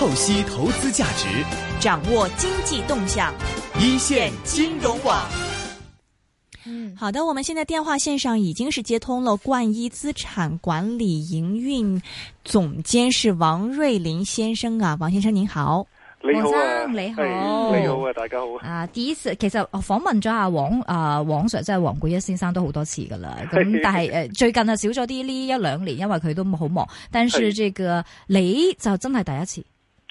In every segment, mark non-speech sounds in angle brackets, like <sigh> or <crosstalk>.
透析投資價值，掌握經濟動向，一線金融網。嗯，好的，我們現在電話線上已經是接通了冠一資產管理營運總監是王瑞麟先生啊，王先生您好。李、啊、先生，啊、你好，你好啊，大家好啊，第一次。其實訪問咗阿王啊王，啊王 Sir 即係王冠一先生都好多次噶啦。咁 <laughs> 但係誒最近啊少咗啲呢一兩年，因為佢都冇好忙，但是這個 <laughs> 你就真係第一次。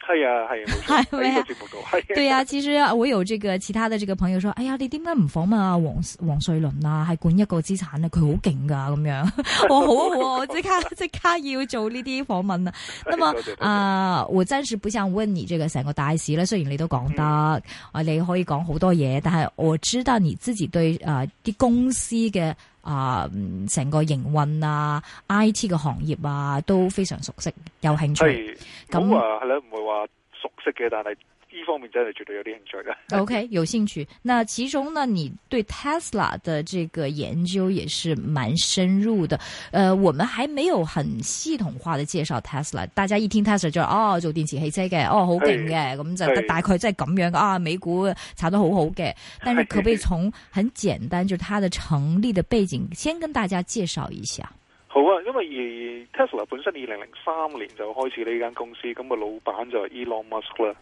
係啊係，係咩啊？對，是是對啊， <laughs> 其實我有這個其他的這個朋友說，哎呀，你點解唔訪問啊王王瑞麟啊？係管一個資產啊，佢好勁噶咁樣。我好即 <laughs> 刻即 <laughs> 刻要做呢啲訪問啊。 <laughs> 那麼 <laughs> 啊，我暫時不想問你這個成個大市咧。雖然你都講得，嗯、啊你可以講好多嘢，但係我知道你自己對誒啲、呃、公司嘅。整個營運啊，成個營運啊，I T 嘅行業啊都非常熟悉，有興趣。咁啊是，係啦那，唔會話熟悉嘅，但係。呢方面真係絕對有啲興趣嘅。OK，有興趣。那其中呢，你對 Tesla 的這個研究也是蠻深入的。呃，我們還沒有很系統化的介紹 Tesla。大家一聽 Tesla 就哦，做電池汽車嘅，哦，好勁嘅，咁是就大概即係咁樣是啊，美股炒得好好嘅。但係可唔可以從很簡單，就係、是、它的成立的背景，先跟大家介紹一下？好啊，因為 Tesla 本身二零零三年就開始呢間公司，咁、那個老闆就係 Elon Musk 啦。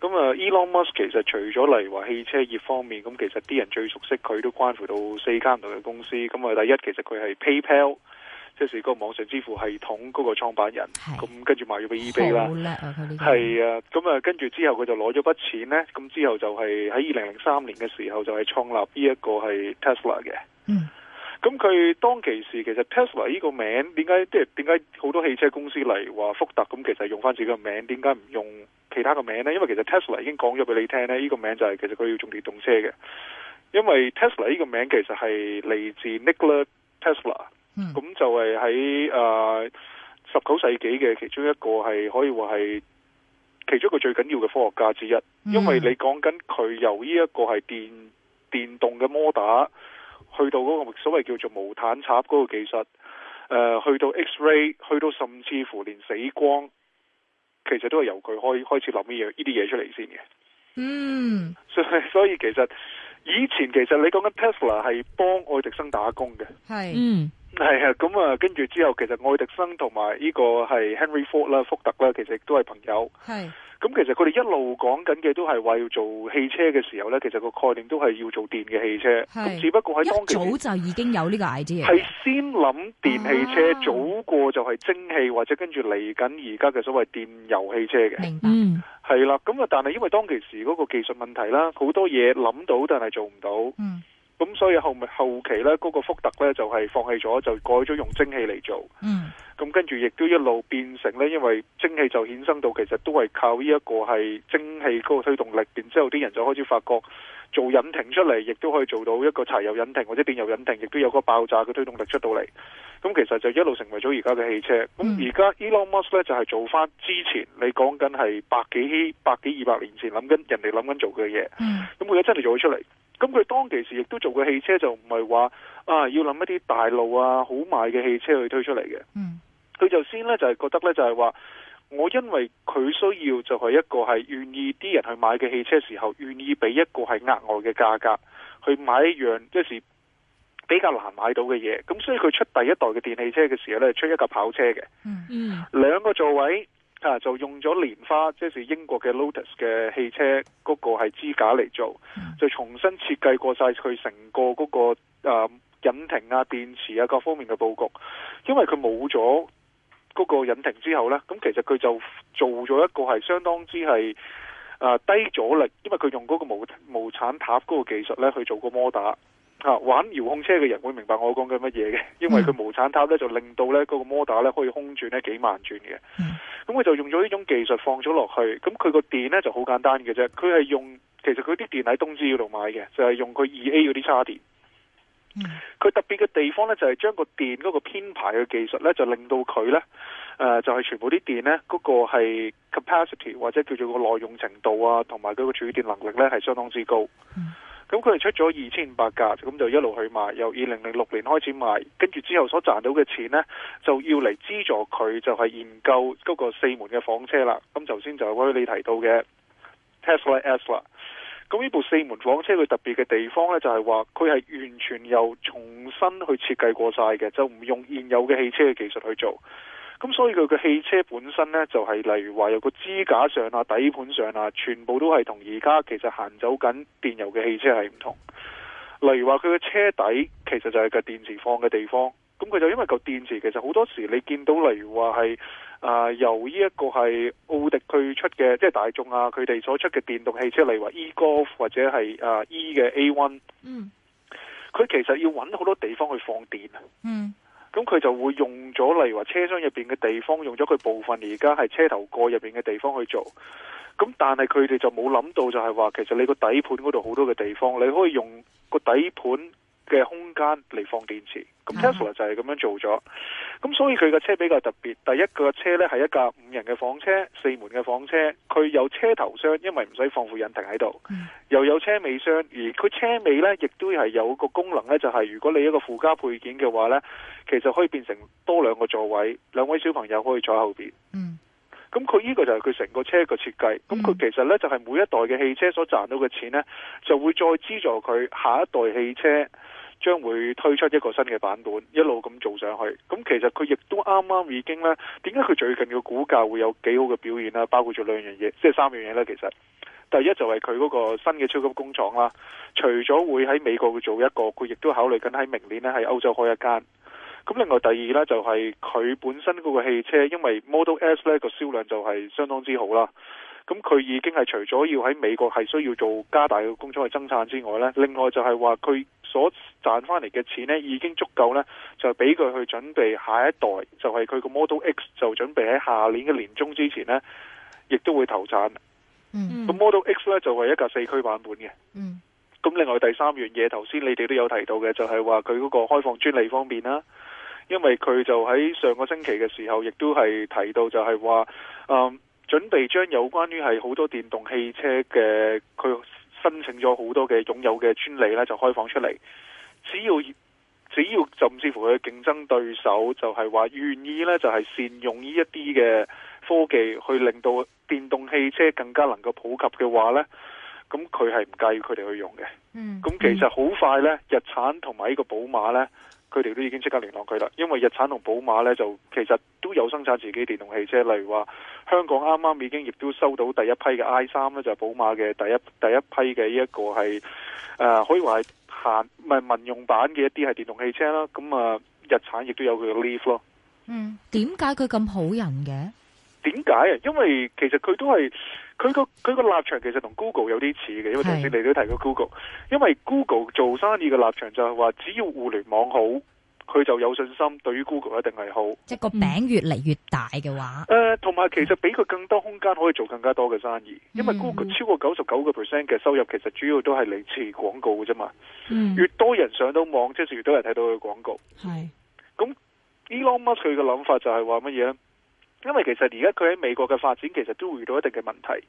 咁啊、嗯、，Elon Musk 其實除咗例如話汽車業方面，咁其實啲人最熟悉佢都關乎到四間唔同嘅公司。咁啊，第一其實佢係 PayPal，即係個網上支付系統嗰個創辦人，咁是跟住賣咗俾 eBay 啦。係啊，咁啊，跟住之後佢就攞咗筆錢呢。咁之後就係喺二零零三年嘅時候就係創立呢一個係 Tesla 嘅。嗯咁佢當其時，其實 Tesla 呢個名點解，即係點解好多汽車公司嚟話福特咁，其實用翻自己個名，點解唔用其他個名呢？因為其實 Tesla 已經講咗俾你聽呢呢、呢個名就係其實佢要種電動車嘅。因為 Tesla 呢個名其實係嚟自 Nikola Tesla，咁、嗯、就係喺誒十九世紀嘅其中一個係可以話係其中一個最緊要嘅科學家之一。嗯、因為你講緊佢由呢一個係電電動嘅 motor。去到嗰個所謂叫做無碳插嗰個技術，誒、呃、去到 X-ray，去到甚至乎連死光，其實都係由佢開開始諗呢樣呢啲嘢出嚟先嘅。嗯，所，所以其實以前其實你講緊 Tesla 係幫愛迪生打工嘅。係是，嗯。係啊，咁啊，跟住之後，其實愛迪生同埋呢個係 Henry Ford 啦，福特啦，其實都係朋友。係是，咁其實佢哋一路講緊嘅都係話要做汽車嘅時候咧，其實個概念都係要做電嘅汽車。咁是只不過喺當早就已經有呢個 idea。係先諗電汽車、啊、早過就係蒸汽或者跟住嚟緊而家嘅所謂電油汽車嘅。明白。係啦，咁啊，但係因為當其時嗰個技術問題啦，好多嘢諗到但係做唔到。嗯。咁所以後，後期呢，嗰個福特呢就係放棄咗，就改咗用蒸汽嚟做。嗯。咁跟住亦都一路變成呢，因為蒸汽就衍生到其實都係靠呢一個係蒸汽嗰個推動力。然之後啲人就開始發覺做引擎出嚟，亦都可以做到一個柴油引擎或者電油引擎，亦都有個爆炸嘅推動力出到嚟。咁其實就一路成為咗而家嘅汽車。嗯。咁而家 Elon Musk 呢，就係做翻之前你講緊係百幾百幾二百年前諗緊人哋諗緊做嘅嘢。咁佢而家真係做咗出嚟。咁佢當其時亦都做嘅汽車就唔係話啊要諗一啲大路啊好買嘅汽車去推出嚟嘅，佢、嗯、就先呢，就係、是、覺得呢，就係、是、話，我因為佢需要就係一個係願意啲人去買嘅汽車時候，願意俾一個係額外嘅價格去買一樣一時、就是、比較難買到嘅嘢。咁所以佢出第一代嘅電汽車嘅時候呢，出一架跑車嘅，嗯，兩個座位。啊！就用咗蓮花，即係英國嘅 Lotus 嘅汽車嗰個係支架嚟做，嗯、就重新設計過晒佢成個嗰、嗰個誒、啊、引擎啊、電池啊各方面嘅布局。因為佢冇咗嗰個引擎之後呢，咁其實佢就做咗一個係相當之係誒低阻力，因為佢用嗰個無無產塔嗰個技術呢去做個摩打。啊、玩遙控車嘅人會明白我講緊乜嘢嘅，因為佢無產塔咧就令到咧嗰個摩打咧可以空轉咧幾萬轉嘅。咁佢、嗯、就用咗呢種技術放咗落去，咁佢個電咧就好簡單嘅啫。佢係用，其實佢啲電喺東芝嗰度買嘅，就係、是、用佢二 A 嗰啲叉電。佢、嗯、特別嘅地方咧就係將個電嗰個編排嘅技術咧就令到佢咧誒就係、是、全部啲電咧嗰、那個係 capacity 或者叫做個耐用程度啊，同埋佢個儲電能力咧係相當之高。嗯咁佢係出咗二千五百架，咁就一路去賣，由二零零六年開始賣，跟住之後所賺到嘅錢呢，就要嚟資助佢，就係研究嗰個四門嘅房車啦。咁頭先就關於你提到嘅 Tesla S 啦，咁呢部四門房車佢特別嘅地方呢，就係話佢係完全又重新去設計過晒嘅，就唔用現有嘅汽車嘅技術去做。咁所以佢嘅汽車本身呢，就係、是、例如話有個支架上啊、底盤上啊，全部都係同而家其實行走緊電油嘅汽車係唔同。例如話佢嘅車底其實就係個電池放嘅地方，咁佢就因為個電池，其實好多時你見到例如話係、呃、由呢一個係奧迪佢出嘅，即、就、係、是、大眾啊佢哋所出嘅電動汽車，例如話 E Golf 或者係 E 嘅 A One，嗯，佢其實要揾好多地方去放電啊，嗯。咁佢就會用咗例如話車廂入邊嘅地方，用咗佢部分而家係車頭蓋入邊嘅地方去做。咁但係佢哋就冇諗到就係話，其實你個底盤嗰度好多嘅地方，你可以用個底盤。嘅空間嚟放電池，咁 Tesla 就係咁樣做咗，咁、uh huh。所以佢嘅車比較特別。第一個車呢係一架五人嘅房車，四門嘅房車，佢有車頭箱，因為唔使放副引擎喺度，uh huh。又有車尾箱。而佢車尾呢亦都係有個功能呢就係、是、如果你一個附加配件嘅話呢，其實可以變成多兩個座位，兩位小朋友可以坐喺後面。嗯、uh，咁佢呢個就係佢成個車嘅設計。咁佢其實呢就係、是、每一代嘅汽車所賺到嘅錢呢，就會再資助佢下一代汽車。將會推出一個新嘅版本，一路咁做上去。咁其實佢亦都啱啱已經呢，點解佢最近嘅股價會有幾好嘅表現啦？包括咗兩樣嘢，即係三樣嘢咧。其實第一就係佢嗰個新嘅超級工廠啦，除咗會喺美國去做一個，佢亦都考慮緊喺明年呢，喺歐洲開一間。咁另外第二呢，就係佢本身嗰個汽車，因為 Model S 呢個銷量就係相當之好啦。咁佢已經係除咗要喺美國係需要做加大嘅工廠嘅增產之外呢，另外就係話佢所賺翻嚟嘅錢呢，已經足夠呢，就俾佢去準備下一代，就係佢個 Model X 就準備喺下年嘅年中之前呢，亦都會投產。咁、嗯、Model X 呢就係一架四驅版本嘅。咁另外第三樣嘢，頭先你哋都有提到嘅，就係話佢嗰個開放專利方面啦，因為佢就喺上個星期嘅時候，亦都係提到就係話，嗯準備將有關於係好多電動汽車嘅佢申請咗好多嘅擁有嘅專利呢，就開放出嚟。只要只要甚至乎佢嘅競爭對手就係話願意呢，就係善用呢一啲嘅科技去令到電動汽車更加能夠普及嘅話呢，咁佢係唔介意佢哋去用嘅。嗯，咁其實好快呢，日產同埋呢個寶馬呢。佢哋都已經即刻聯絡佢啦，因為日產同寶馬呢，就其實都有生產自己電動汽車，例如話香港啱啱已經亦都收到第一批嘅 i 三咧，就係寶馬嘅第一第一批嘅呢一個係誒、呃、可以話係限唔係民用版嘅一啲係電動汽車啦。咁啊，日產亦都有佢嘅 Leaf 咯。嗯，點解佢咁好人嘅？點解啊？因為其實佢都係。佢個佢個立場其實同 Google 有啲似嘅，因為頭先你都提過 Google，是因為 Google 做生意嘅立場就係話，只要互聯網好，佢就有信心對於 Google 一定係好。即係個餅越嚟越大嘅話，誒，同埋其實俾佢更多空間可以做更加多嘅生意，嗯、因為 Google 超過九十九個 percent 嘅收入其實主要都係嚟自廣告嘅啫嘛。嗯、越多人上到網，即係越多人睇到佢廣告。係是，咁 Elon Musk 佢嘅諗法就係話乜嘢呢？因為其實而家佢喺美國嘅發展，其實都會遇到一定嘅問題。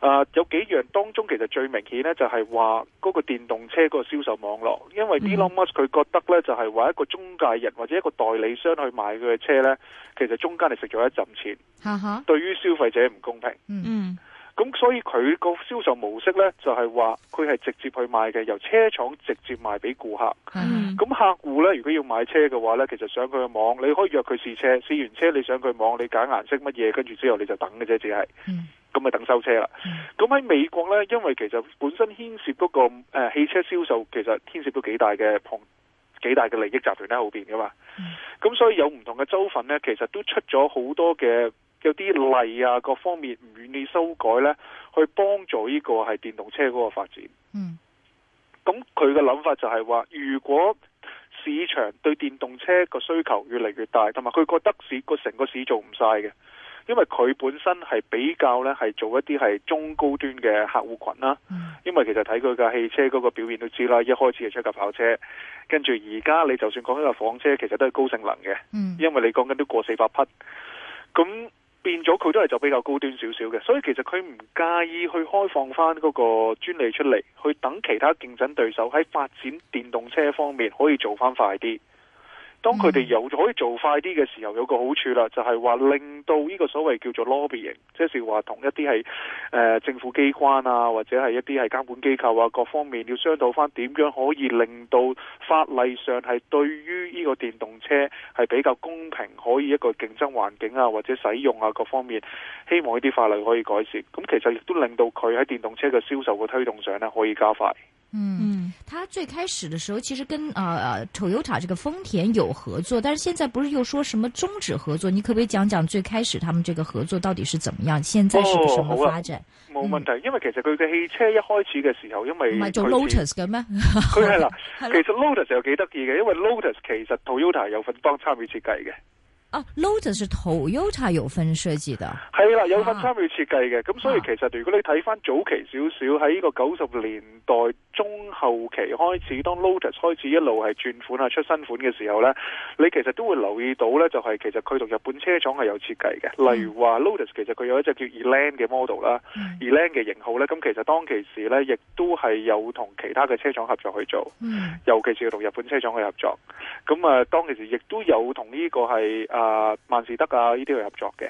啊、呃，有幾樣當中，其實最明顯呢就係話嗰個電動車個銷售網絡，因為 Elon Musk 佢覺得呢就係、是、話一個中介人或者一個代理商去買佢嘅車呢，其實中間係食咗一浸錢，uh huh. 對於消費者唔公平。嗯、uh。Huh. 咁所以佢個銷售模式呢，就係話佢係直接去賣嘅，由車廠直接賣俾顧客。咁、mm. 客戶呢，如果要買車嘅話呢，其實上佢嘅網，你可以約佢試車，試完車你上佢網，你揀顏色乜嘢，跟住之後你就等嘅啫，只係，咁咪等收車啦。咁喺、mm. 美國呢，因為其實本身牽涉嗰個誒、呃、汽車銷售，其實牽涉到幾大嘅幾大嘅利益集團喺後邊嘅嘛，咁、嗯、所以有唔同嘅州份呢，其實都出咗好多嘅有啲例啊，各方面唔願意修改呢，去幫助呢個係電動車嗰個發展。嗯，咁佢嘅諗法就係話，如果市場對電動車個需求越嚟越大，同埋佢覺得市個成個市做唔晒嘅。因為佢本身係比較呢，係做一啲係中高端嘅客戶群啦。嗯、因為其實睇佢架汽車嗰個表現都知道啦，一開始係出架跑車，跟住而家你就算講緊架房車，其實都係高性能嘅。嗯、因為你講緊都過四百匹，咁變咗佢都係就比較高端少少嘅。所以其實佢唔介意去開放翻嗰個專利出嚟，去等其他競爭對手喺發展電動車方面可以做翻快啲。當佢哋有可以做快啲嘅時候，有個好處啦，就係話令到呢個所謂叫做 lobbying，即係話同一啲係、呃、政府機關啊，或者係一啲係監管機構啊，各方面要商討翻點樣可以令到法例上係對於呢個電動車係比較公平，可以一個競爭環境啊，或者使用啊各方面，希望呢啲法例可以改善。咁其實亦都令到佢喺電動車嘅銷售嘅推動上呢，可以加快。嗯，他最開始的時候其實跟啊 Toyota、呃、這個豐田有合作，但是現在不是又說什麼終止合作？你可不可以講講最開始他們這個合作到底是怎麼樣？現在是什麼發展？冇、哦啊嗯、問題，因為其實佢嘅汽車一開始嘅時候，因為唔係做 Lotus 嘅咩？佢係啦，其實 Lotus 又幾得意嘅，因為 Lotus 其實 Toyota 有份幫參與設計嘅。哦、啊、，Lotus 是 Toyota 有份設計的，係啦，有份參與設計嘅。咁所以其實如果你睇翻早期少少喺呢個九十年代中後期開始，當 Lotus 開始一路係轉款啊出新款嘅時候咧，你其實都會留意到咧，就係、是、其實佢同日本車廠係有設計嘅。例如話 Lotus 其實佢有一隻叫 Elan 嘅 model 啦、嗯、，Elan 嘅型號咧，咁其實當其時咧，亦都係有同其他嘅車廠合作去做，嗯、尤其是同日本車廠去合作。咁啊，當其時亦都有同呢個係啊，萬事得啊，呢啲去合作嘅。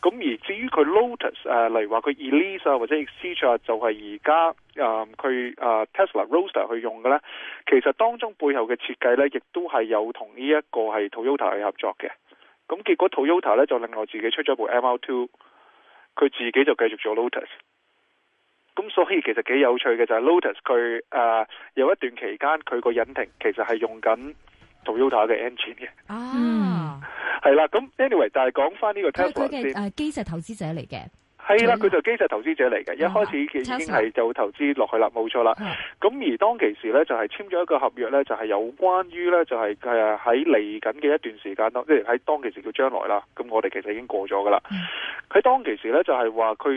咁、嗯、而至於佢 Lotus，誒、啊，例如話佢 Elise 啊，或者 Exige 就係而家誒佢誒 Tesla Roadster 去用嘅咧，其實當中背後嘅設計咧，亦都係有同呢一個係 Toyota 去合作嘅。咁結果 Toyota 咧就另外自己出咗部 MR2，佢自己就繼續做 Lotus。咁所以其實幾有趣嘅就係、是、Lotus 佢誒、啊、有一段期間佢個引擎其實係用緊。Toyota 嘅 engine 嘅哦，係啦、啊，咁 <laughs> anyway，但係講返呢個 Tesla 先，佢佢嘅基石投資者嚟嘅，係啦，佢就是基石投資者嚟嘅，啊、一開始已經係就投資落去啦，冇、啊、錯啦。咁、啊、而當其時咧，就係、是、簽咗一個合約咧，就係、是、有關於咧，就係誒喺嚟緊嘅一段時間咯，即係喺當其時叫將來啦。咁我哋其實已經過咗噶啦。佢、啊、當其時咧，就係話佢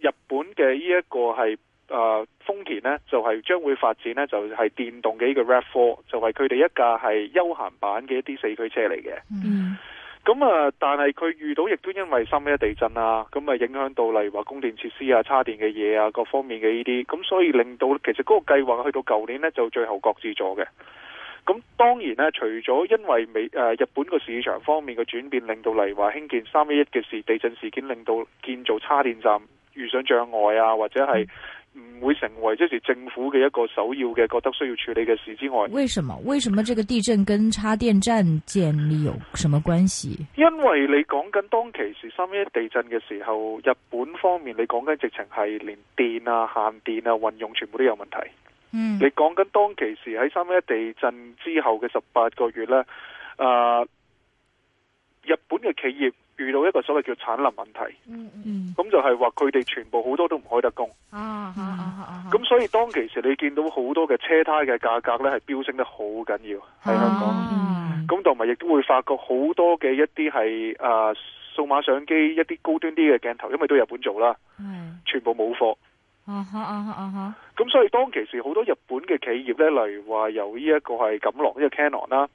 日本嘅呢一個係。啊，豐田呢，就係、是、將會發展呢，就係、是、電動嘅呢個 RAV4，就係佢哋一架係休閒版嘅一啲四驅車嚟嘅。嗯，咁啊，但係佢遇到亦都因為三一一地震啊，咁啊影響到例如話供電設施啊、叉電嘅嘢啊，各方面嘅呢啲，咁所以令到其實嗰個計劃去到舊年呢，就最後擱置咗嘅。咁當然呢，除咗因為美誒、啊、日本個市場方面嘅轉變，令到例如話興建三一一嘅事地震事件，令到建造叉電站遇上障礙啊，或者係。唔會成為即是政府嘅一個首要嘅覺得需要處理嘅事之外，為什麼？為什麼這個地震跟插電站建立有什麼關係？因為你講緊當其時三一一地震嘅時候，日本方面你講緊直情係連電啊、限電啊、運用全部都有問題。嗯，你講緊當其時喺三一一地震之後嘅十八個月咧，誒、呃，日本嘅企業。遇到一個所謂叫產能問題，咁、嗯嗯、就係話佢哋全部好多都唔開得工，咁、啊啊啊、所以當其時你見到好多嘅車胎嘅價格呢係飆升得好緊要喺香港，咁同埋亦都會發覺好多嘅一啲係啊數碼相機一啲高端啲嘅鏡頭，因為都日本做啦，啊啊啊啊、全部冇貨，咁、啊啊啊啊、所以當其時好多日本嘅企業呢，例如話由呢一個係錦龍呢、呢個 Canon 啦。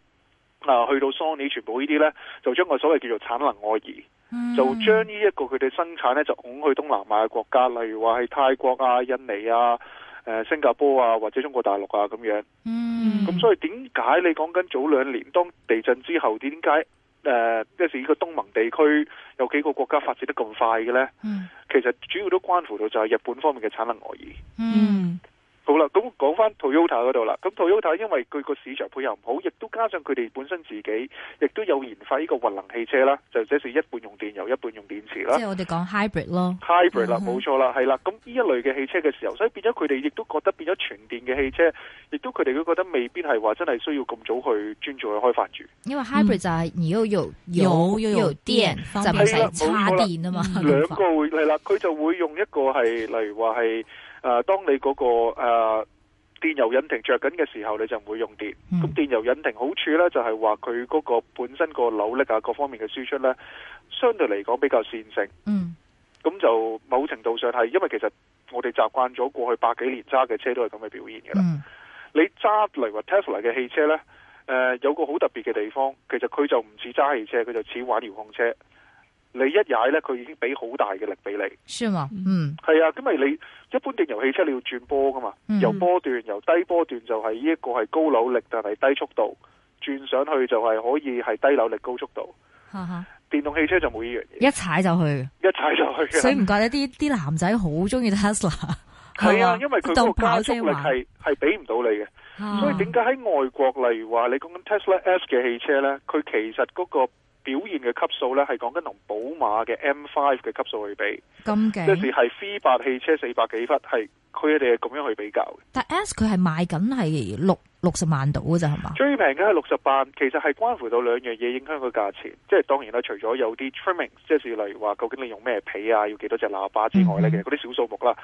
嗱，去到 Sony，全部呢啲呢，就將個所謂叫做產能外移，mm. 就將呢一個佢哋生產呢，就拱去東南亞嘅國家，例如話係泰國啊、印尼啊、誒、呃、新加坡啊或者中國大陸啊咁樣。嗯，咁所以點解你講緊早兩年當地震之後，點解誒即係呢個東盟地區有幾個國家發展得咁快嘅呢？Mm. 其實主要都關乎到就係日本方面嘅產能外移。嗯。Mm. 好啦，咁講翻 Toyota 嗰度啦。咁 Toyota 因為佢個市場配合唔好，亦都加上佢哋本身自己亦都有研發呢個混能汽車啦，就即係一半用電油，一半用電池啦。即係我哋講 hybrid 咯。hybrid 啦，冇錯啦，係啦。咁呢一類嘅汽車嘅時候，所以變咗佢哋亦都覺得變咗全電嘅汽車，亦都佢哋都覺得未必係話真係需要咁早去專注去開發住。因為 hybrid 就係又有油又有，有，有電就唔使插電啊嘛。兩個會係啦，佢就會用一個係例如話係。誒、啊，當你嗰、那個誒、啊、電油引擎着緊嘅時候，你就唔會用電。咁、嗯、電油引擎好處咧，就係話佢嗰個本身個扭力啊，各方面嘅輸出咧，相對嚟講比較線性。嗯，咁就某程度上係因為其實我哋習慣咗過去百幾年揸嘅車都係咁嘅表現㗎啦。嗯、你揸例如話 Tesla 嘅汽車咧，誒、呃、有個好特別嘅地方，其實佢就唔似揸汽車，佢就似玩遙控車。你一踩咧，佢已經俾好大嘅力俾你，算喎，嗯，係啊，咁咪你一般電油汽車你要轉波㗎嘛？嗯、由波段由低波段就係呢一個係高扭力但係低速度，轉上去就係可以係低扭力高速度。嚇嚇哈，電動汽車就冇呢樣嘢，一踩就去，一踩就去。所以唔怪得啲啲男仔好中意 Tesla。係 <laughs> 啊，因為佢個加速力係係俾唔到你嘅，哈哈，所以點解喺外國，例如話你講緊 Tesla S 嘅汽車呢，佢其實嗰、嗰個。表現嘅級數咧，係講緊同寶馬嘅 M5 嘅級數去比，即是係 V8 汽車四百幾匹，係佢哋係咁樣去比較嘅。 但 S 佢係賣緊係六六十萬度嘅啫，係嘛？最平嘅係六十萬，其實係關乎到兩樣嘢影響個價錢，即係當然啦，除咗有啲 trimming，即是例如話究竟你用咩皮啊，要幾多隻喇叭之外咧，嗯嗯其實嗰啲小數目啦。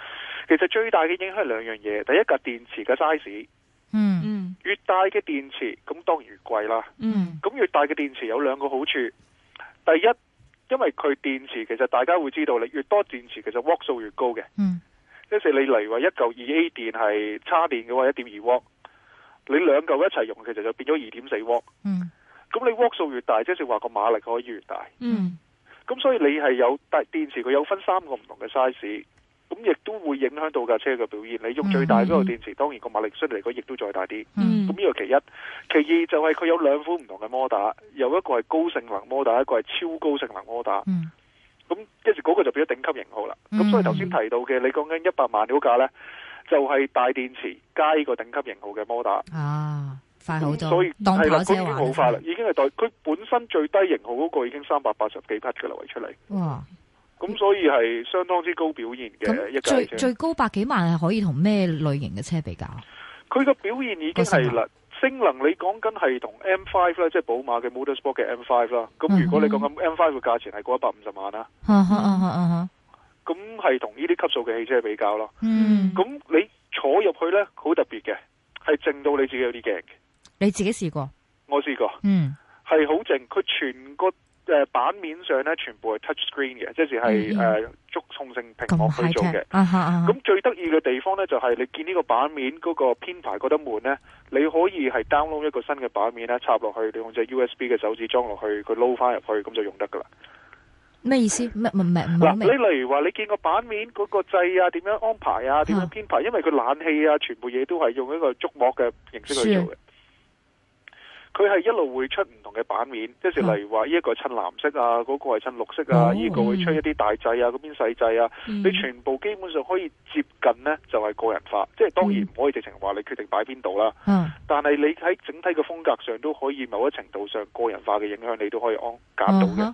其實最大嘅影響係兩樣嘢，第一係電池嘅 size。嗯，越大嘅電池，咁當然越貴啦。嗯，咁越大嘅電池有兩個好處，第一，因為佢電池其實大家會知道，你越多電池其實瓦數越高嘅。嗯，即係你例如話一舊二 A 電係叉電嘅話 w，一點二瓦，你兩舊一齊用，其實就變咗二點四瓦。嗯，咁你瓦數越大，即、就係話個馬力可以越大。嗯，咁所以你係有大電池，佢有分三個唔同嘅 size。咁亦都會影響到架車嘅表現。你用最大嗰個電池，嗯、當然個馬力相對嚟講，亦都再大啲。咁呢個其一，其二就係佢有兩款唔同嘅摩打，有一個係高性能摩打，一個係超高性能摩打。咁跟住嗰個就變咗頂級型號啦。咁、嗯、所以頭先提到嘅，你講緊一百萬嗰架呢，就係大電池加呢個頂級型號嘅摩打。啊，快好咗、嗯、所以當然已經好快啦，已經係代佢本身最低型號嗰個已經三百八十幾匹嘅力位出嚟。咁、嗯、所以係相當之高表現嘅一架車，最最高百幾萬係可以同咩類型嘅車比較？佢個表現已經係啦，啊、性能你講緊係同 M5 咧，即係寶馬嘅 Motorsport 嘅 M5 啦。咁如果你講緊 M5 嘅價錢係過一百五十萬，嗯、啊，咁係同呢啲級數嘅汽車比較咯。咁、嗯嗯、你坐入去呢，好特別嘅，係靜到你自己有啲驚嘅。你自己試過？我試過。嗯，係好靜，佢全個。誒，版、呃、面上咧全部係 touch screen 嘅，即是係誒觸控性屏幕去做嘅。咁、嗯嗯、最得意嘅地方咧就係、是、你見呢個版面嗰個編排覺得悶咧，你可以係 download 一個新嘅版面咧插落去，你用隻 USB 嘅手指裝落去，佢撈翻入去咁就用得噶啦咩意思？咩咩咩咩？嗱，啦麼你例如話你見個版面嗰個掣啊，點樣安排啊，點、啊、樣編排？因為佢冷氣啊，全部嘢都係用一個觸摸嘅形式去做嘅。佢係一路會出唔同嘅版面，即係例如話呢一個襯藍色啊，嗰、那個係襯綠色啊，呢、oh, um, 個會出一啲大掣啊，嗰邊細掣啊，um, 你全部基本上可以接近呢，就係、是、個人化，即係當然唔可以直情話你決定擺邊度啦。Um, 但係你喺整體嘅風格上都可以某一程度上個人化嘅影響，你都可以安減到嘅。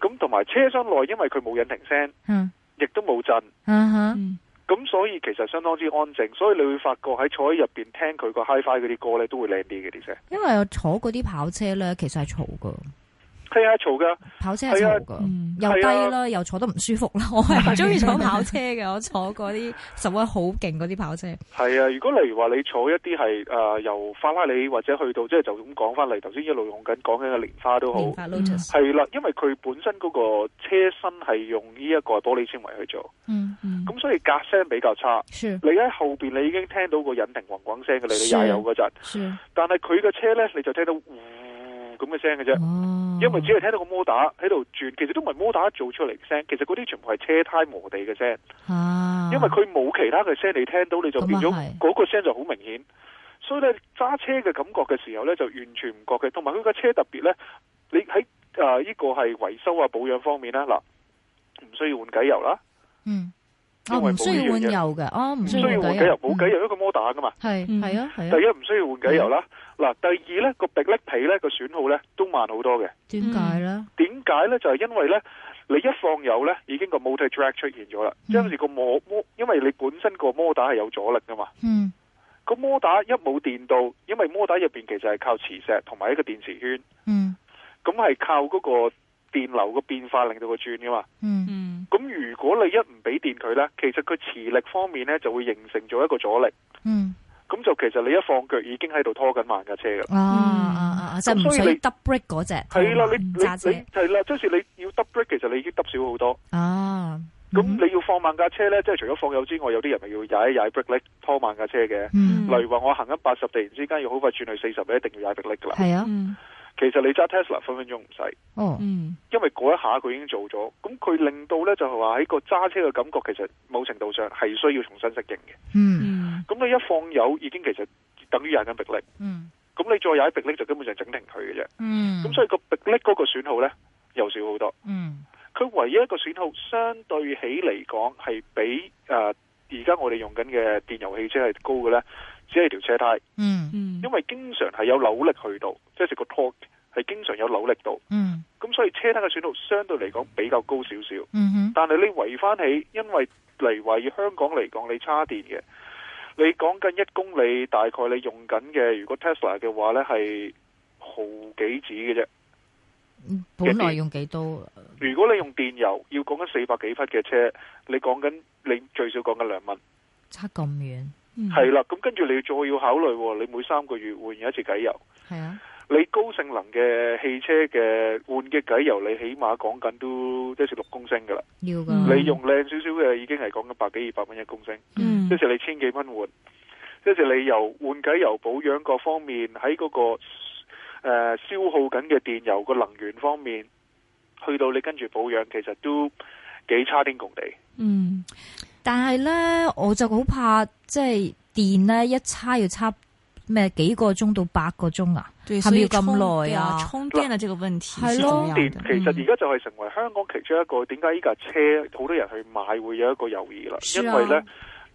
咁同埋車廂內，因為佢冇引擎聲，亦都冇震。Uh huh, uh huh, uh huh, 咁所以其實相當之安靜，所以你會發覺喺坐喺入邊聽佢個 HiFi 嗰啲歌咧，都會靚啲嘅啲聲。因為我坐嗰啲跑車咧，其實係嘈㗎。係啊，嘈噶跑車係嘈、啊嗯、又低啦，啊、又坐得唔舒服啦。我係唔中意坐跑車嘅，啊、我坐過啲 <laughs> 十分好勁嗰啲跑車。係啊，如果例如話你坐一啲係誒由法拉利或者去到即係就咁講翻嚟，頭先一路用緊講緊個蓮花都好。係啦、啊，因為佢本身嗰個車身係用呢一個玻璃纖維去做。咁、嗯嗯、所以隔聲比較差。是你喺後邊你已經聽到個引擎嗡嗡聲嘅，你你也有嗰陣。是但係佢嘅車呢，你就聽到。嗯咁嘅聲嘅啫，嗯、因為只係聽到個摩打喺度轉，其實都唔係摩打做出嚟嘅聲，其實嗰啲全部係車胎磨地嘅聲。啊、因為佢冇其他嘅聲你聽到，你就變咗嗰個聲就好明顯。嗯、所以咧揸車嘅感覺嘅時候咧就完全唔覺嘅，同埋佢個車特別咧，你喺誒呢個係維修啊保養方面啦，嗱、啊，唔需要換機油啦。嗯。啊！唔需要換油嘅，哦，唔需要換機油，冇機油一個摩打噶嘛。係係啊，係啊。第一唔需要換機油啦。嗱，第二咧個迫力皮咧個損耗咧都慢好多嘅。點解咧？點解咧？就係因為咧，你一放油咧，已經個 multi drag 出現咗啦。因為個摩摩，因為你本身個摩打係有阻力噶嘛。嗯。個摩打一冇電到，因為摩打入邊其實係靠磁石同埋一個電磁圈。嗯。咁係靠嗰個電流個變化令到佢轉噶嘛。嗯。咁如果你一唔俾電佢咧，其實佢磁力方面咧就會形成咗一個阻力。嗯，咁就其實你一放腳已經喺度拖緊慢架車㗎啦。哦哦哦，即係唔需要揼 brake 嗰隻。係啦，你你你係啦，即使你要揼 brake，其實你已經揼少好多。哦，咁你要放慢架車咧，即係除咗放油之外，有啲人咪要踩一踩 brake 力拖慢架車嘅。例如話我行緊八十，突然之間要好快轉去四十，一定要踩 brake 力噶啦。係啊。其實你揸 Tesla 分分鐘唔使，哦，嗯，因為嗰一下佢已經做咗，咁佢令到咧就係話喺個揸車嘅感覺，其實某程度上係需要重新適應嘅，嗯，咁你一放油已經其實等於有緊迫力，嗯，咁你再踩緊迫力就根本上整停佢嘅啫。嗯，咁所以個迫力嗰個損耗咧又少好多。嗯，佢唯一一個損耗相對起嚟講係比誒。呃而家我哋用緊嘅電油汽車係高嘅呢，只係條車胎，嗯。嗯，因為經常係有扭力去到，即係個 torque 係經常有扭力度，嗯嗯。嗯，咁所以車胎嘅損耗相對嚟講比較高少少。嗯哼，但係你圍翻，起來，因為嚟為香港嚟講，你叉電嘅，你講緊一公里大概你用緊嘅，如果 Tesla 嘅話呢係毫幾子嘅啫。本來用幾多？如果你用電油，要講緊四百幾匹嘅車，你講緊。你最少講緊兩蚊，差咁遠。係、嗯、啦，咁跟住你再要考慮、哦，你每三個月換一次機油。係啊，你高性能嘅汽車嘅換嘅機油，你起碼講緊都一至六公升噶啦。要噶個。你用靚少少嘅，已經係講緊百幾二百蚊一公升。嗯。一時你千幾蚊換，一、就、時、是、你由換機油保養各方面，喺嗰、那個、呃、消耗緊嘅電油個能源方面，去到你跟住保養，其實都幾差天共地。嗯，但係咧，我就好怕即係電咧，一叉要叉咩幾個鐘到八個鐘啊？係咪對要咁耐啊？充電的、啊啊、這個問題，充電了、嗯、其實而家就係成為香港其中一個點解呢架車好多人去買，會有一個猶豫啦、啊。因為咧，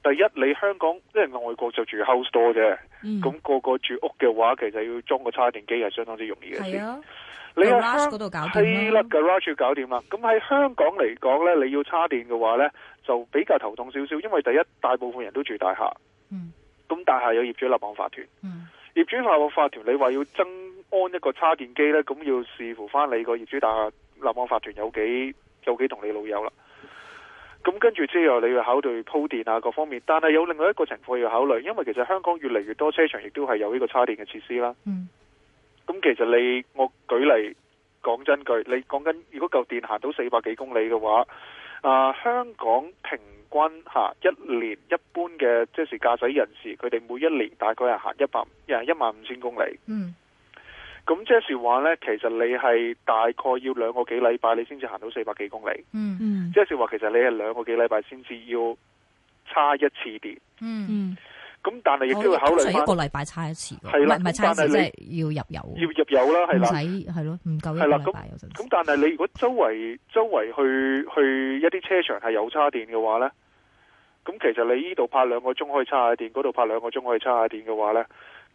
第一你香港即係外國就住 house door 啫，咁、嗯、個個住屋嘅話，其實要裝個叉電機係相當之容易嘅你喺嗰度搞掂啦，喺啦 garage 搞掂啦。咁喺香港嚟講呢，你要叉電嘅話呢，就比較頭痛少少，因為第一大部分人都住大廈。咁、嗯、大廈有業主立案法團。嗯。業主立案法團，你話要增安一個叉電機呢，咁要視乎翻你個業主大廈立案法團有幾有幾同你老友啦。咁跟住之後，你要考慮鋪電啊，各方面。但係有另外一個情況要考慮，因為其實香港越嚟越多車場，亦都係有呢個叉電嘅設施啦。嗯咁其實你我舉例講真句，你講緊如果夠電行到四百幾公里嘅話，啊香港平均嚇、啊、一年一般嘅即 e s s 駕駛人士佢哋每一年大概係行一百，又一萬五千公里。嗯。咁即 e s s 話咧，其實你係大概要兩個幾禮拜你先至行到四百幾公里。嗯嗯。j、嗯、e s 話其實你係兩個幾禮拜先至要差一次電。嗯。嗯咁但係亦都要考慮翻，哦、一個禮拜叉一次，唔係唔係叉一次即係要入油。要入油啦，係啦，唔使係咯，唔夠油，咁但係你如果周圍周圍去去一啲車場係有叉電嘅話咧，咁其實你呢度拍兩個鐘可以叉下電，嗰度拍兩個鐘可以叉下電嘅話咧，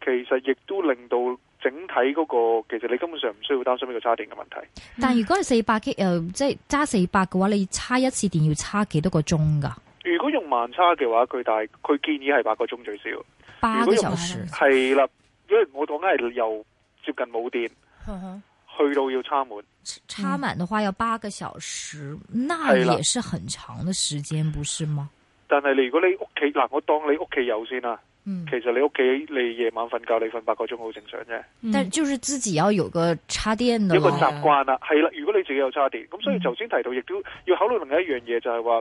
其實亦都令到整體嗰、那個其實你根本上唔需要擔心呢個叉電嘅問題。嗯、但如果係四百 K 又、呃、即係揸四百嘅話，你叉一次電要叉幾多個鐘㗎？如果用慢差嘅話，佢佢建議係八個鐘最少。八個小時係啦，因為我講緊係由接近冇電，呵呵去到要插滿。插滿的話要八個小時，嗯、那也是很長的時間，是的不是嗎？但係如果你屋企嗱，我當你屋企有先啦。嗯、其實你屋企你夜晚瞓覺你瞓八個鐘好正常啫。嗯、但就是自己要有個插電嘅一個習慣啦。係啦，如果你自己有插電，咁、嗯、所以頭先提到亦都要考慮另一樣嘢，就係話。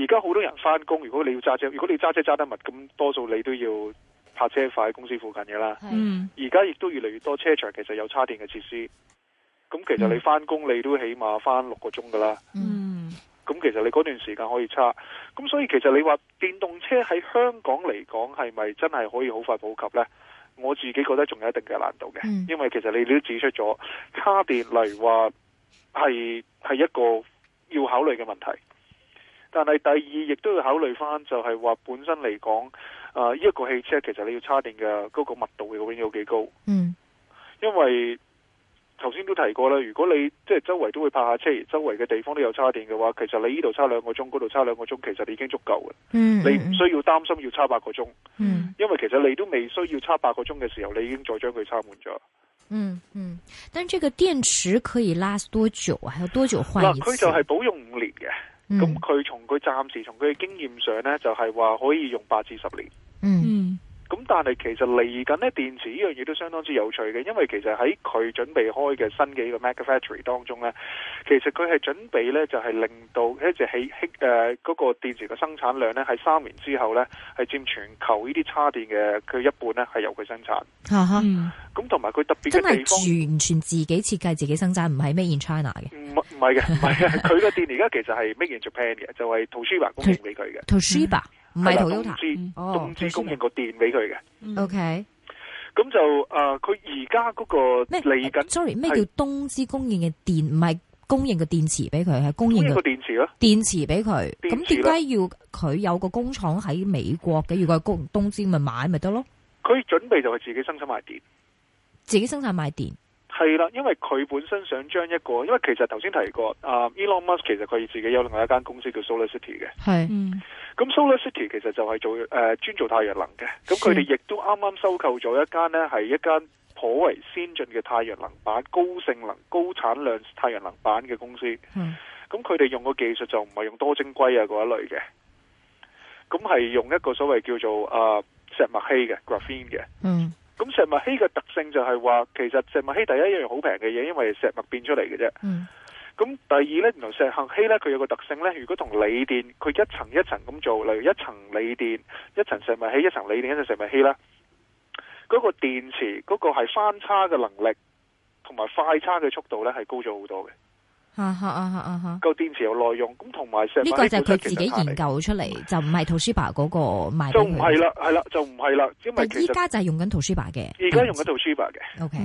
而家好多人翻工，如果你要揸車，如果你揸車揸得密，咁多數你都要泊車快喺公司附近嘅啦。而家亦都越嚟越多車場其實有叉電嘅設施，咁其實你翻工你都起碼翻六個鐘噶啦。咁、mm. 其實你嗰段時間可以叉，咁所以其實你話電動車喺香港嚟講係咪真係可以好快普及咧？我自己覺得仲有一定嘅難度嘅，mm. 因為其實你都指出咗叉電嚟話係係一個要考慮嘅問題。但係第二，亦都要考慮翻，就係話本身嚟講，誒、呃，一個汽車其實你要插電嘅嗰個密度嘅永遠有幾高。嗯。因為頭先都提過啦，如果你即係周圍都會泊下車，周圍嘅地方都有插電嘅話，其實你呢度插兩個鐘，嗰度插兩個鐘，其實你已經足夠嘅。嗯、你唔需要擔心要插八個鐘。嗯、因為其實你都未需要插八個鐘嘅時候，你已經再將佢插滿咗。嗯嗯。但係個電池可以 last 多久啊？還要多久換一次？嗱，佢就係保用五年嘅。咁佢從佢暫時從佢嘅經驗上呢，就係話可以用八至十年。嗯。咁但係其實嚟緊咧，電池呢樣嘢都相當之有趣嘅，因為其實喺佢準備開嘅新幾個 Mega Factory 當中咧，其實佢係準備咧就係令到一隻起嗰、呃嗰個電池嘅生產量咧，喺三年之後咧係佔全球呢啲叉電嘅佢一半咧係由佢生產，咁，同埋佢特別嘅地方真係完全自己設計、自己生產，唔係 Make in China 嘅。唔係唔係嘅，唔係嘅。佢個電而家其實係 Made in Japan 嘅，就係東芝供應俾佢嘅東芝。osh 唔係投資，投資、嗯哦、供應電、嗯呃、個電俾佢嘅。O K，咁就誒，佢而家嗰個咩嚟緊？sorry，咩叫東芝供應嘅電？唔係供應個電池俾佢，係供應個電池咯。電池俾佢，咁點解要佢有個工廠喺美國嘅？如果係供東芝，咪買咪得咯。佢準備就係自己生產賣電，自己生產賣電。係啦，因為佢本身想將一個，因為其實頭先提過啊、嗯、，Elon Musk 其實佢自己有另外一間公司叫 SolarCity 嘅。係，咁、嗯、SolarCity 其實就係做誒專、呃、做太陽能嘅。咁佢哋亦都啱啱收購咗一間呢係一間頗為先進嘅太陽能板、高性能、高產量太陽能板嘅公司。嗯。咁佢哋用個技術就唔係用多晶硅啊嗰一類嘅，咁係用一個所謂叫做啊、呃、石墨烯嘅 graphene 嘅。Graph 的嗯。咁石墨烯嘅特性就係話，其實石墨烯第一一樣好平嘅嘢，因為石墨變出嚟嘅啫。咁、嗯、第二呢，原來石墨烯呢，佢有個特性呢，如果同鋰電，佢一層一層咁做，例如一層鋰電、一層石墨烯、一層鋰電、一層石墨烯啦，嗰、那個電池嗰、那個係翻差嘅能力，同埋快差嘅速度呢，係高咗好多嘅。 <music> 啊哈啊哈啊哈！夠電池有耐用，咁同埋呢個就係佢自己研究出嚟、嗯，就唔係圖書爸嗰個賣。就唔係啦，係啦，就唔係啦。但係依家就係用緊圖書嘅。而家用緊圖書嘅。OK，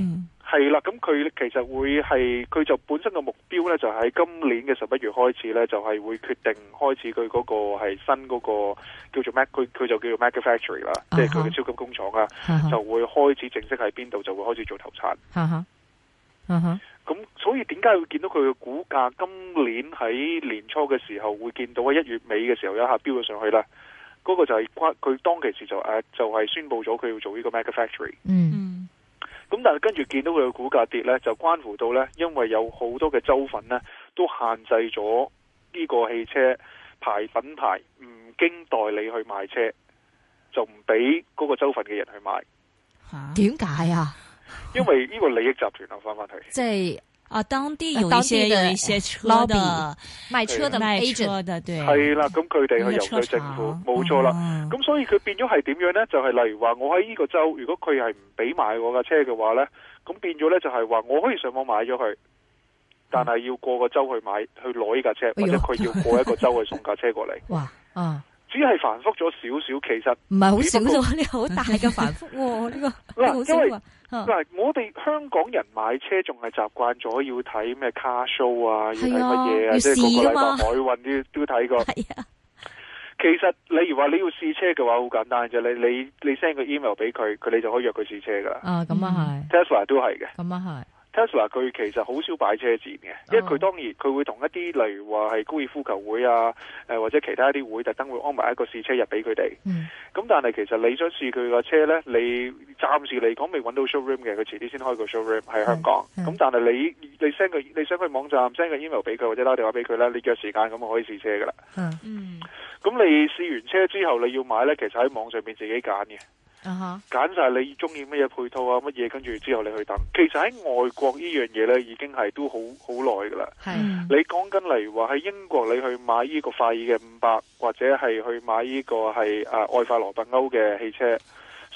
係啦，咁佢其實會係佢就本身個目標咧，就喺今年嘅十一月開始咧，就係會決定開始佢嗰個係新嗰個叫做 Mac，佢佢就叫做 Mac Factory 啦，即係佢嘅超級工廠啊，啊哈就會開始正式喺邊度就會開始做投產。啊咁所以點解會見到佢嘅股價今年喺年初嘅時候會見到喺一月尾嘅時候有一下飆咗上去啦？嗰、那個就係關佢當其時就誒、啊、就係、是、宣佈咗佢要做呢個 manufacturerMegafactory。嗯，咁但係跟住見到佢嘅股價跌呢，就關乎到呢，因為有好多嘅州份呢，都限制咗呢個汽車排品牌唔經代理去賣車，就唔俾嗰個州份嘅人去賣。吓，點解啊？因為呢個利益集團啊，翻翻去。即係啊，當地有一些有、啊、一些車的賣車的賣車的，對。係啦，咁佢哋去遊說政府，冇錯啦。咁、啊嗯、所以佢變咗係點樣咧？就係、是、例如話，我喺呢個州，如果佢係唔俾買我架車嘅話咧，咁變咗咧就係話我可以上網買咗佢，但係要過個州去買去攞呢架車，或者佢要過一個州去送架車過嚟。哎、呦 <laughs> 哇，啊，只係繁複咗少少，其實唔係好少少，呢好大嘅繁複喎，呢個實 <laughs> 因為。嗱，啊、我哋香港人買車仲係習慣咗要睇咩 car show 啊，要睇乜嘢啊，啊即係個個禮拜海運啲都睇噶。啊、其實，例如話你要試車嘅話，好簡單啫。你你你 send 個 email 俾佢，佢你就可以約佢試車噶啦。啊，咁啊係，Tesla 都係嘅。咁啊係。Tesla 佢其實好少擺車展嘅，oh. 因為佢當然佢會同一啲例如話係高爾夫球會啊，呃、或者其他一啲會特登會安排一個試車日俾佢哋。咁、mm. 但係其實你想試佢個車咧，你暫時嚟講未搵到 showroom 嘅，佢遲啲先開個 showroom 喺香港。咁、mm. 但係你你 send 佢你 send 網站 send 個 email 俾佢或者打電話俾佢咧，你約時間咁就可以試車噶啦。嗯，咁你試完車之後你要買咧，其實喺網上面自己揀嘅。啊揀晒你中意乜嘢配套啊，乜嘢跟住之後你去等。其實喺外國呢樣嘢呢，已經係都好好耐噶啦。嗯、你講緊嚟話喺英國，你去買呢個快爾嘅五百，或者係去買呢個係啊愛快羅伯歐嘅汽車，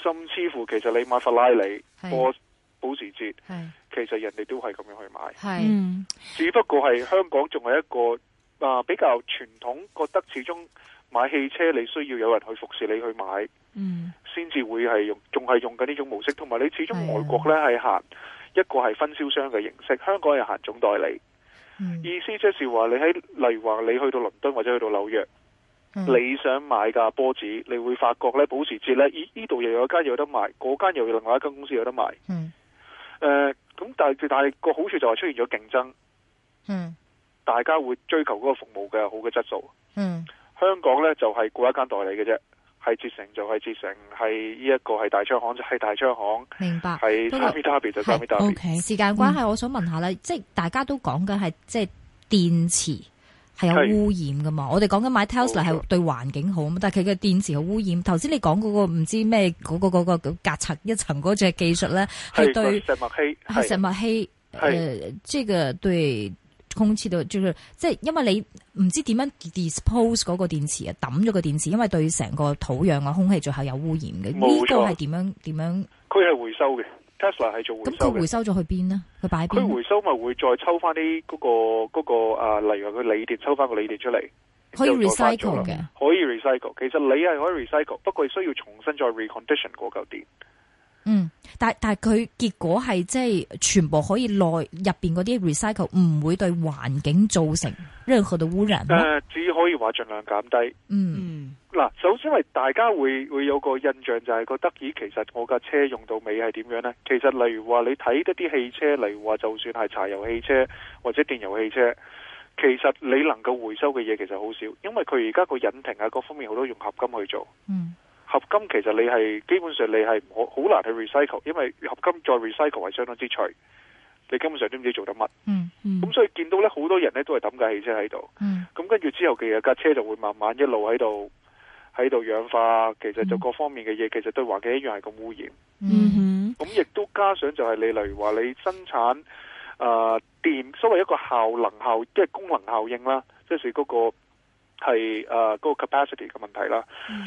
甚至乎其實你買法拉利、是保保時捷，是其實人哋都係咁樣去買。係是，嗯、只不過係香港仲係一個啊比較傳統，覺得始終買汽車你需要有人去服侍你去買。嗯。先至會係用，仲係用緊呢種模式，同埋你始終外國呢，係、mm. 行一個係分銷商嘅形式，香港係行總代理。Mm. 意思即是話，你喺例如話你去到倫敦或者去到紐約，mm. 你想買架波子，你會發覺呢，保時捷呢，咦呢度又有間有得賣，嗰間又有另外一間公司有得賣。咁、mm. 呃、但係最大個好處就係出現咗競爭，嗯，mm. 大家會追求嗰個服務嘅好嘅質素。嗯，mm. 香港呢就係、是、過一間代理嘅啫。係捷成就係捷成，係呢一個係大昌行就係大昌行，明白。係哈比哈比就哈比哈比。O K，時間關係，我想問下咧，即係大家都講緊係即係電池係有污染噶嘛？我哋講緊買 Tesla 係對環境好啊嘛，但係佢嘅電池有污染。頭先你講嗰個唔知咩嗰個嗰個隔層一層嗰隻技術咧，係對石墨烯，係石墨烯，係即係個對。空設到，即係因為你唔知點樣 dispose 嗰個電池啊，抌咗個電池，因為對成個土壤啊、空氣最後有污染嘅。呢錯個係點樣？點樣？佢係回收嘅，Tesla 係做回收嘅。咁佢回收咗去邊呢？佢擺邊？佢回收咪會再抽翻啲嗰個、嗰個、啊，例如佢鋰電抽翻個鋰電出嚟，可以 recycle 嘅。的可以 recycle。其實你係可以 recycle，不過需要重新再 recondition 嗰嚿電池。嗯，但但係佢結果係即係全部可以內入面嗰啲 recycle 唔會對環境造成任何的污染。誒、呃，只可以話盡量減低。嗯，嗱，首先，因為大家會會有個印象就係覺得咦，其實我架車用到尾係點樣呢？其實，例如話你睇得啲汽車，例如話就算係柴油汽車或者電油汽車，其實你能夠回收嘅嘢其實好少，因為佢而家個引擎啊，各方面好多用合金去做。嗯。合金其實你係基本上你係好好難去 recycle，因為合金再 recycle 係相當之脆，你根本上都唔知做得乜、嗯。嗯嗯。咁所以見到咧，好多人咧都係抌架汽車喺度。咁、嗯、跟住之後，其實架車就會慢慢一路喺度喺度氧化，其實就各方面嘅嘢，嗯、其實對環境一樣係咁污染。嗯咁亦都加上就係你例如話你生產啊、呃、電，所謂一個效能效即係功能效應啦，即係嗰、嗰個。係誒，嗰個 capacity 嘅問題啦。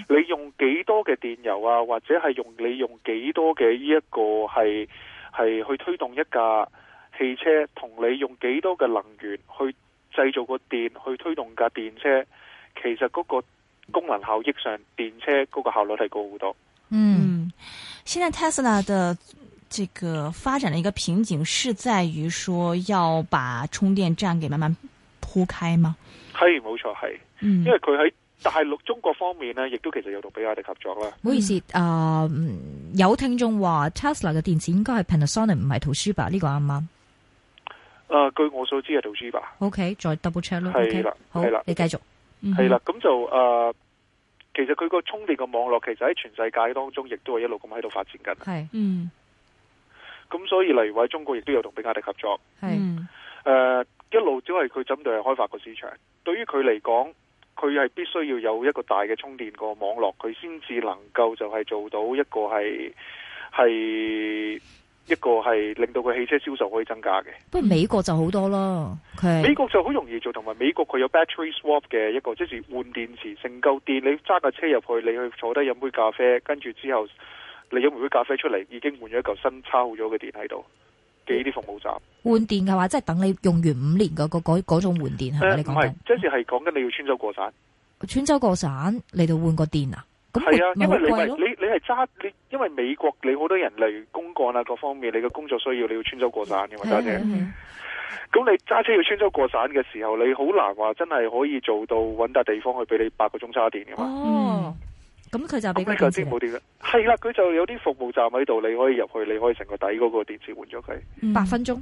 你用幾多嘅電油啊，或者係用你用幾多嘅呢一個係係去推動一架汽車，同你用幾多嘅能源去製造個電去推動架電車，其實嗰個功能效益上，電車嗰個效率係高好多。嗯，現在 Tesla 的這個發展的一個瓶頸是在於說要把充電站給慢慢。覆蓋嘛？係冇錯，係，因為佢喺大陸中國方面咧，亦都其實有同比亞迪合作啦。唔好意思，誒，有聽眾話 Tesla 嘅電池應該係 Panasonic，唔係圖書吧？呢個啱啱？誒，據我所知係圖書吧。OK，再 double check 咯。係啦，好，係啦，你繼續。係啦，咁就誒，其實佢個充電嘅網絡，其實喺全世界當中，亦都係一路咁喺度發展緊。係，嗯，咁所以例如話喺中國，亦都有同比亞迪合作。係，誒。一路只係佢針對係開發個市場，對於佢嚟講，佢係必須要有一個大嘅充電個網絡，佢先至能夠就係做到一個係係一個係令到佢汽車銷售可以增加嘅。不過美國就好多啦，佢美國就好容易做，同埋美國佢有 battery swap 嘅一個，即、就是換電池、成嚿電。你揸架車入去，你去坐低飲杯咖啡，跟住之後你飲杯咖啡出嚟，已經換咗一嚿新叉好咗嘅電喺度嘅啲服務站。嗯換電嘅話，即係等你用完五年嗰個嗰嗰種換電係咪？唔係，即是係講緊你要穿州過省，穿州過省嚟到換個電啊？係啊，因為你咪你你係揸，你因為美國你好多人嚟公幹啊，各方面你嘅工作需要，你要穿州過省嘅嘛，揸車。咁你揸車要穿州過省嘅時候，你好難話真係可以做到揾笪地方去俾你八個鐘叉電嘅嘛？咁佢就咁咧，頭先冇電啦。係啦，佢就有啲服務站喺度，你可以入去，你可以成個底嗰個電池換咗佢，八分鐘。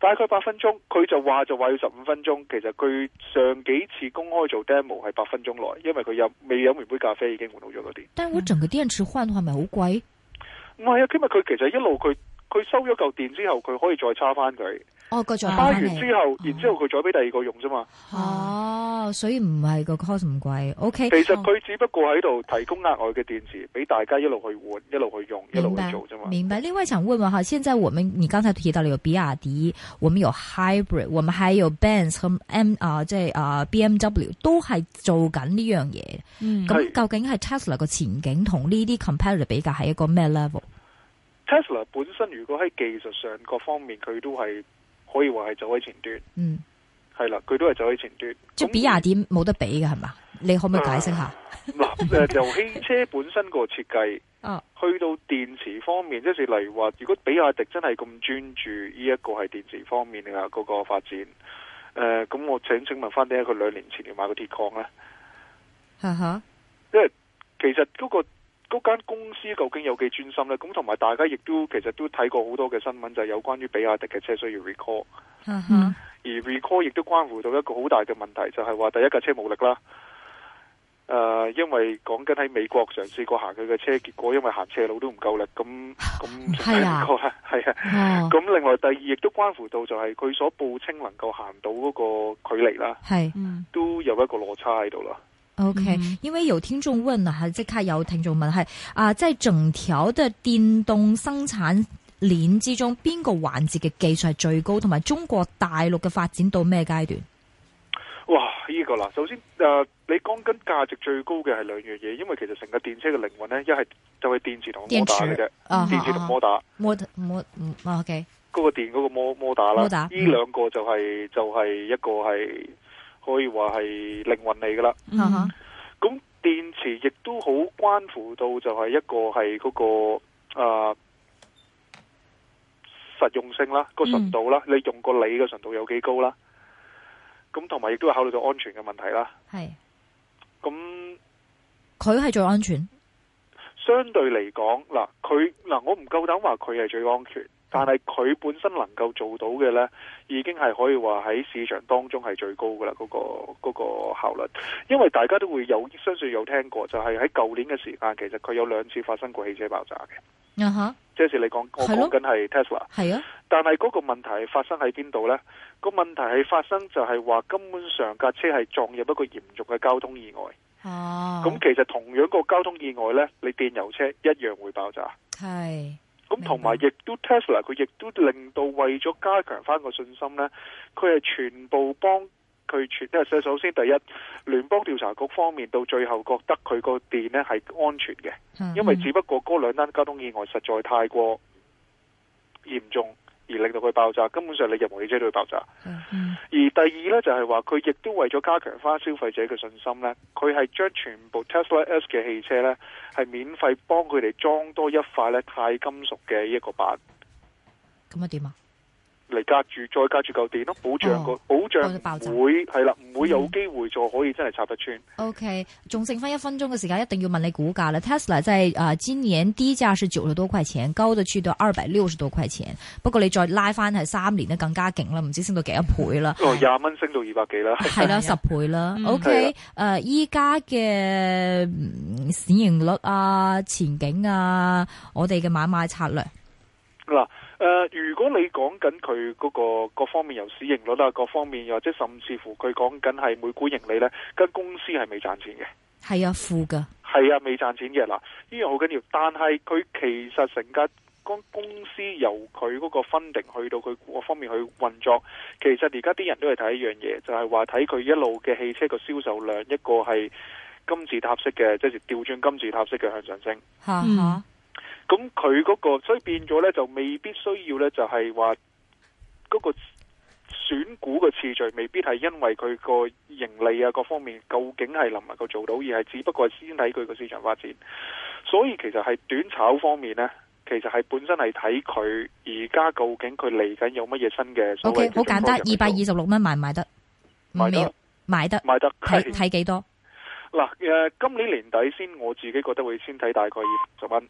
大概八分鐘，佢就話就話要十五分鐘。其實佢上幾次公開做 demo 係八分鐘內，因為佢又未飲完杯咖啡已經換好咗嗰啲。但我整個電池換係咪好貴？唔係、嗯、啊，今日佢其實一路佢。佢收咗嚿電之後，佢可以再插翻佢。哦，個再插完之後，啊、然之後佢再俾第二個用啫嘛。哦，啊啊、所以唔係個 cost 貴。O K，嗯、其實佢只不過喺度提供額外嘅電池俾大家一路去換、一路去用、白一路去做啫嘛。明白。另外，想問問哈，現在我們，你剛才提到你有比亞迪，我們有 Hybrid，我們還有 Benz 咁 M 啊、呃，即係啊 BMW 都係做緊呢樣嘢。嗯。咁究竟係 Tesla 個前景同呢啲 competitor 比較係一個咩 level？Tesla 本身如果喺技術上各方面佢都係可以話係走喺前端，嗯，係啦，佢都係走喺前端，即係比亞迪冇得比嘅係嘛？你可唔可以解釋下？嗱、啊，誒，由汽車本身個設計啊， <laughs> 去到電池方面，即是、哦、例如話，如果比亞迪真係咁專注呢一、這個係電池方面啊嗰、那個發展，誒、啊，咁我請請問翻點解佢兩年前要買個鐵礦咧？吓吓，因為其實嗰、那個。嗰間公司究竟有幾專心呢？咁同埋大家亦都其實都睇過好多嘅新聞，就係、是、有關於比亞迪嘅車需要 recall、uh huh. 嗯。而 recall 亦都關乎到一個好大嘅問題，就係、是、話第一架車冇力啦、呃。因為講緊喺美國嘗試過行佢嘅車，結果因為行斜路都唔夠力，咁咁正確啊。咁另外第二亦都關乎到就係佢所報稱能夠行到嗰個距離啦， <laughs> 嗯、都有一個落差喺度啦。O、okay, K，因為有聽眾問係即刻有聽眾問係啊，在整條的電動生產鏈之中，邊個環節嘅技術係最高，同埋中國大陸嘅發展到咩階段？哇，呢、這個啦，首先誒、呃，你講緊價值最高嘅係兩樣嘢，因為其實成個電車嘅靈魂咧，一係就係電池同摩打嘅啫，電池同、啊、摩打、啊、摩摩 O K，嗰個電嗰、那個摩摩打啦，呢達兩個就係、是嗯、就係一個係。可以話係靈魂嚟噶啦，咁、mm hmm. 電池亦都好關乎到就係一個係嗰、那個啊、呃、實用性啦，個純度啦，mm hmm. 你用個鋰嘅純度有幾高啦，咁同埋亦都係考慮到安全嘅問題啦。係是，咁佢係最安全？相對嚟講，嗱，佢嗱，我唔夠膽話佢係最安全。但係佢本身能夠做到嘅呢，已經係可以話喺市場當中係最高噶啦，嗰、嗰個、嗰個效率。因為大家都會有相信有聽過，就係喺舊年嘅時間，其實佢有兩次發生過汽車爆炸嘅。即、uh huh. 係你講，我講緊係 Tesla 咯。係啊，但係嗰個問題發生喺邊度呢？個問題係發生就係話根本上架車係撞入一個嚴重嘅交通意外。咁、uh huh. 其實同樣個交通意外呢，你電油車一樣會爆炸。係。咁同埋，亦都 Tesla 佢亦都令到為咗加強翻個信心咧，佢係全部幫佢全。即係首先，第一，聯邦調查局方面，到最後覺得佢個電咧係安全嘅，嗯嗯因為只不過嗰兩單交通意外實在太過嚴重。而令到佢爆炸，根本上你任何汽車都會爆炸。嗯、而第二咧就係、是、話，佢亦都為咗加強翻消費者嘅信心咧，佢係將全部 Tesla S 嘅汽車咧，係免費幫佢哋裝多一塊咧，鈦金屬嘅一個板。咁啊點啊？嚟隔住，再隔住嚿電咯，保障個、哦、保障會係啦，唔裝會有機會就可以真係插得穿。嗯、OK，仲剩翻一分鐘嘅時間，一定要問你股價啦。Tesla 在、就、啊、是呃，今年低價是九十多塊錢，高得去到二百六十多塊錢。不過你再拉翻係三年，呢更加勁啦，唔知升到幾多倍啦？哦，廿蚊升到二百幾啦，係 <laughs> 啦，十倍啦。嗯、OK，誒的，依家嘅市盈率啊，前景啊，我哋嘅買賣策略嗱。啊。誒、呃，如果你講緊佢嗰個各方面由市盈率啦、啊，各方面又或者甚至乎佢講緊係每股盈利呢，呢間公司係未賺錢嘅。係啊，負噶，係啊，未賺錢嘅嗱，呢樣好緊要，但係佢其實成間公司由佢嗰個分定去到佢各方面去運作，其實而家啲人都係睇一樣嘢，就係話睇佢一路嘅汽車嘅銷售量，一個係金字塔式嘅，即、就、係、是、調轉金字塔式嘅向上升。吓、嗯！嗯咁佢嗰個，所以變咗咧，就未必需要咧，就係話嗰個選股嘅次序，未必係因為佢個盈利啊各方面，究竟係能唔能夠做到，而係只不過係先睇佢個市場發展。所以其實係短炒方面咧，其實係本身係睇佢而家究竟佢嚟緊有乜嘢新嘅。O K，好簡單，二百二十六蚊買唔買得？買得，買得，買得，買得。睇睇幾多？嗱，誒，今年年底先，我自己覺得會先睇大概二十蚊。